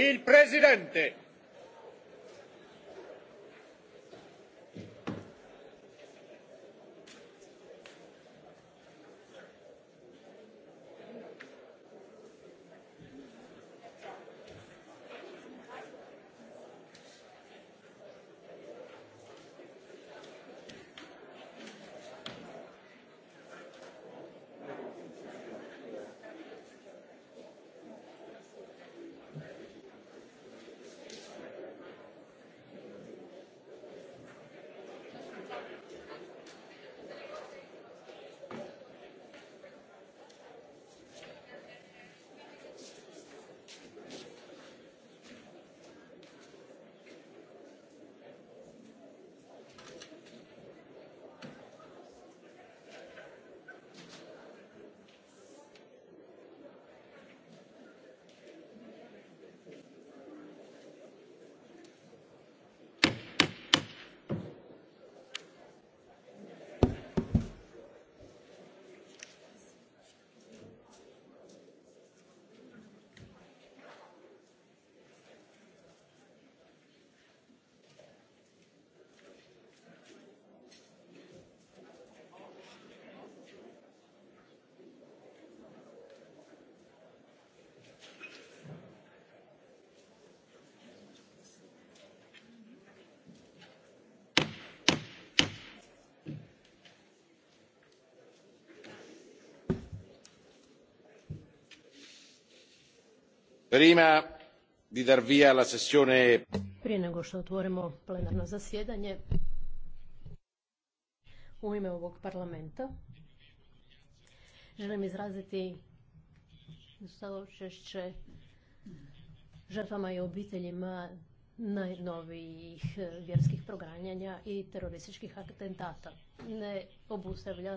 il presidente Prije nego što otvorimo plenarno zasjedanje, u ime ovog parlamenta želim izraziti saučešće žrtvama i obiteljima najnovijih vjerskih proganjanja i terorističkih atentata. Ne obustavlja